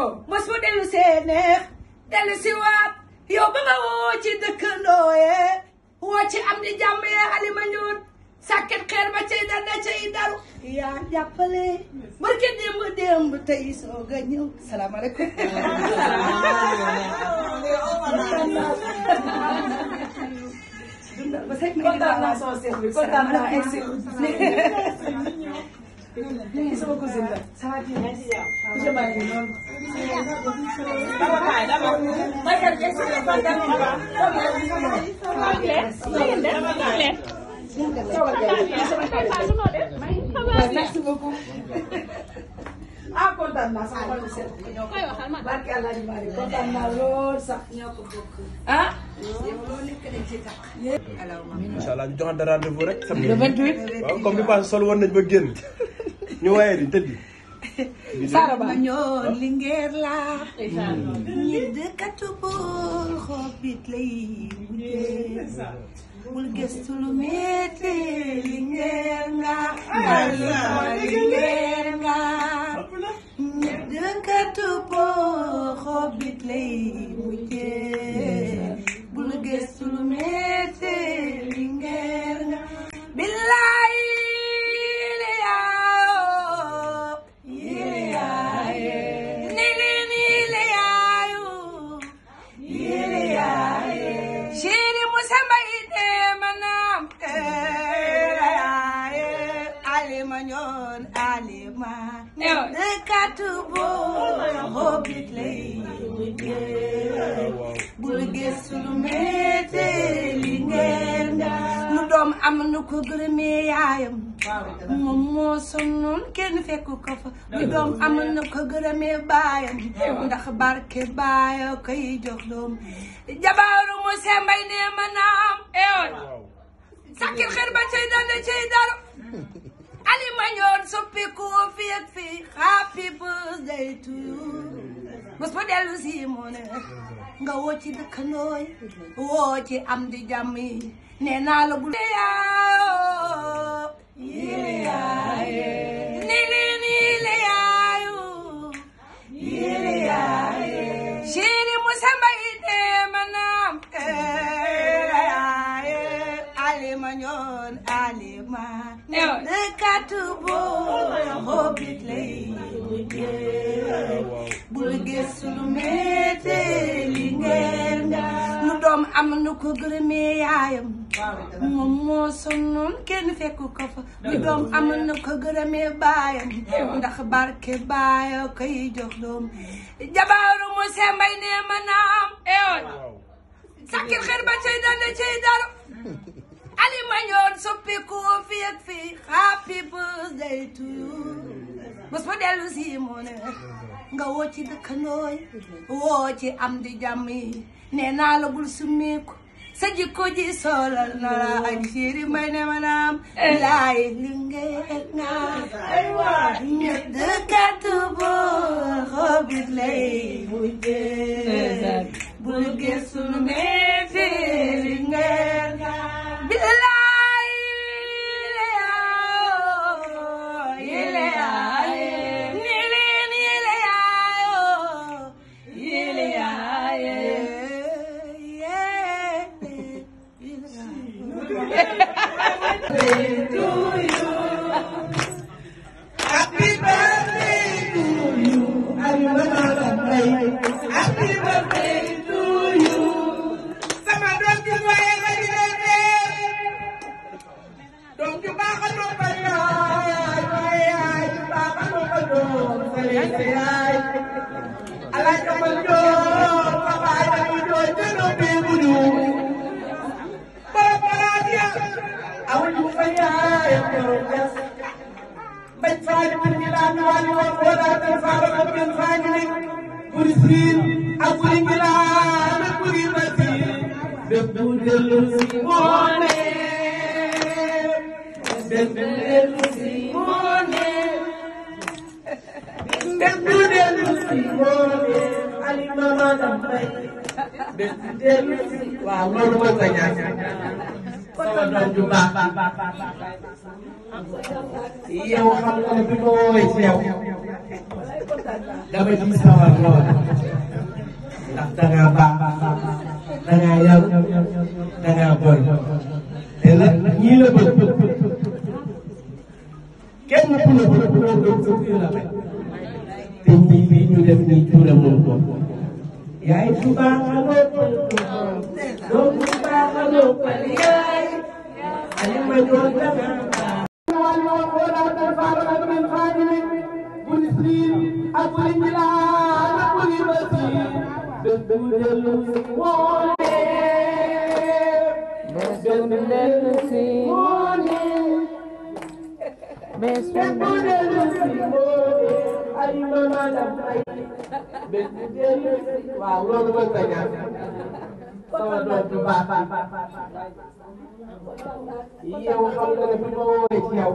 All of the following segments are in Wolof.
oo mos mu dellu see neex dellu si waat yow ba nga woo ci dëkkandoo yee woo ci am di jàmm yee alima ñuul sàkket xeer ba cay dal da cay dal yaa jàppale barke démb démb tey soog a ñëw salaamaaleykum kontaan naa sama seex bi kontaan naa kii sama cousin la ça va bien merci beaucoup maa ngi noonu. dama faa dama. ma jël jël si biir kontaan bi quoi. merci beaucoup. ah kontaan naa sax wala seet. barke El Hadj Malick kontaan naa lool sax. ah. incha allah ñu joxante rendez-vous rek. le 28 waaw comme bi passé sol woon nañ ba génn. ñu waaye di tëdd. Saara Ba ñoo lingeer laa. ñi dëkkatu bool xobit lay wutee. bul gëstu lu metti lingeer nga. lingeer nga. ñi dëkkatu bool xobit lay wutee. bul gëstu lu metti kàttubu boo bit lay liggéey bul gëstu lu mété liggéey lu doom am nu ko gërëmee yaayam moom moo sonnoon kenn fekk ko fa lu doom am na ko gërëmee baayam ndax barke baaya koy jox doom jabaaru mu sembay nee ma naam eewoon sakkir xër ba cey daan cey dara alima ñoon soppiku fii ak fii happy birthday to you bés bu dellu si nga woo ci dëkkandoo yi am di jàmm yi nee naa la bu am na ko gërëmee yaayam moom moo sonnoon kenn fekku ko fa lu doom am na ko gërëmee baayam ndax barke baaya koy jox doom jabaaru mu sembay nee ma naam eewoon sakkir xir ba cey dande cey daru alima ñoon soppiku fii ak fii happy birthday to you bés bu dellu si moo nga woo ci dëkkandooy woo am di jàmm yi naa la bul summiku sa jikko ji solal na la ak siiri may ne maanaam laay li ngeen naa ay waa ñett dëkkatu boo xobit lay mujjee bul gëstu lu metti li ngeen Palestine ak buñ bilaal ak buñ Palestine lépp mu dellu si moo ne lépp mu dellu si moo ne lépp mu dellu si moo ne Aliou Maman Mbaye lépp mu dellu si waaw loolu moo koy ñaan sama doom ju baax yow xam nga bi ma woowee ci yow dama ci sawar lool ndax danga baax danga yaw danga boy te nag ñii la bëgg kenn ku ne bëgg ku ne la bëgg te ñii bi ñu def nii tuura moom ko yaay ku baax a noppal doom ku baax a noppal yaay alima doon danga baax. ak li ñu laal ak li ñu basi bés bu dellu si woone bés bu dellu si woone bés bu dellu si woone ay mama dam ay bés bu dellu si waaw loolu mooy sa ñaan sama doom ju baax yow xam nga ne bi ma woowee ci yow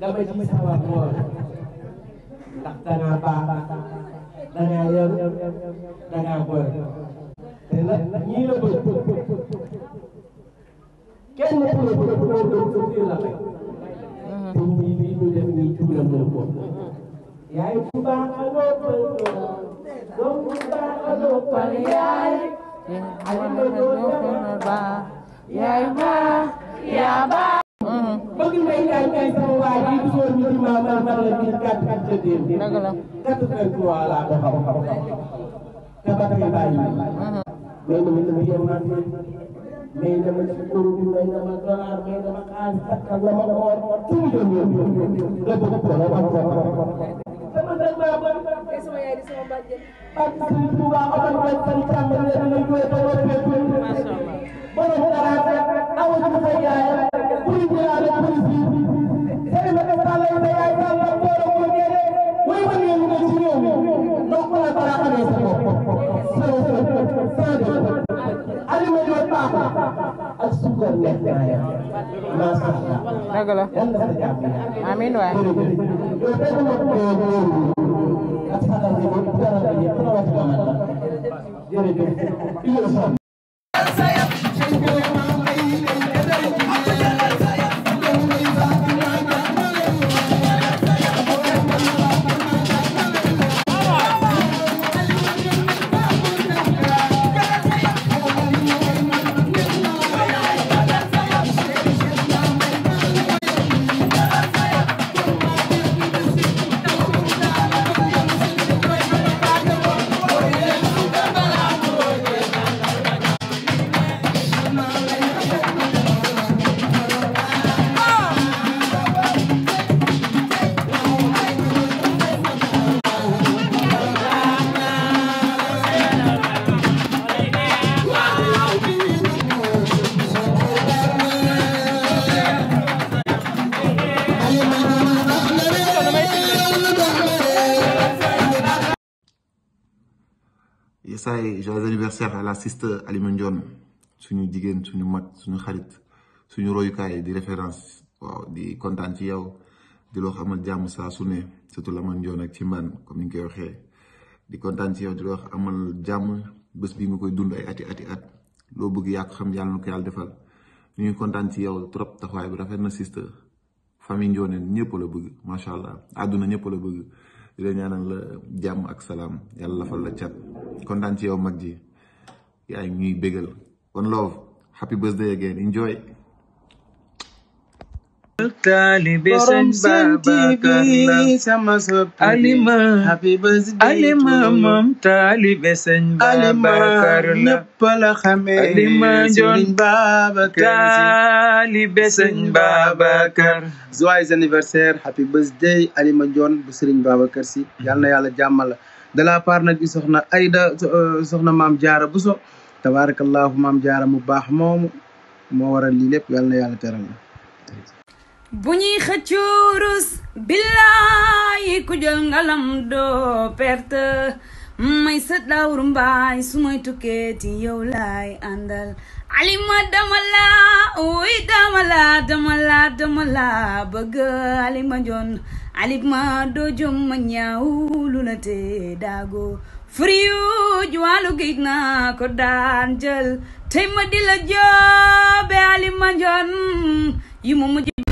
dama ci sama boor ndax dangaa baax dangaa yër dangaa boole te la ñii la bëgg kenn ku la bëgg ku doon doon suuf la rek pour ñii li ñu def nii ci la mën ko yaay ku baax a doo bëri doom ku baax a doo bëri yaay Alim do do ba yaay ba yaa ba bëgg may kaay kaay sama waa ji di woon ñu ci maanaam man la mille quatre quatre de deux. dëgg la quatre vingt trois laa ko xam xam xam. te ba tey bàyyi may na ma dama yemaat may na ma dama euro bi may na ma dollar may na ma xaalis takkal la ma xool su mu jëm yoon la bëgg ko la wax ko sama sëñ maa bëri te sama yaay di sama bàjjen. parce que Sëriñ Tuuba amal nañ seen càmm ne dañuy jógee ba wàllu borom dara awa ci sa yaay ak suukar nekk naayam macha allah. dëgg la amiin waay. jërëjëf. say joyeux anniversaire à la sister Alioune suñu jigéen suñu mag suñu xarit suñu royukaay di référence waaw di kontaan ci yow di loo xamal jàmm saa su ne surtout Lamane Ndione ak ci man comme ni koy waxee di kontaan ci yow di loo wax amal jàmm bës bi nga koy dund ay ati ati at loo bëgg yaa ko xam yàlla na ko yàlla defal ñu ngi kontaan ci yow trop taxawaay bi rafet na sister famille Ndione ñëpp la bëgg macha allah àdduna ñëpp la bëgg di la ñaanal la jàmm ak salaam yàlla lafal la cat. kontaan ci yow mag ji kon love happy birthday again enjoy taalibe sëñ Babacar la sama alima alima moom taalibe sëñ Babacar anniversaire happy birthday alima njoon bu sëriñ si yal na yàlla jàmmal de la part nag di soxna Ayda euh, soxna maam jaara Buso tabaarakallaahu maam jaara mu baax moomu moo wara lii lépp yàlla na yàlla teral la bu ñuy xëccoo rus ku jël ngalam doo perte may sa dawru mbaay su may tukkee yow laay àndal alima dama uy dama laa dama alima jon alik ma dojom ma ñaaw lu la te daago firiyu juwaalu géej naa ko daan jël tey ma di la joobe alik ma njoon yi ma mujj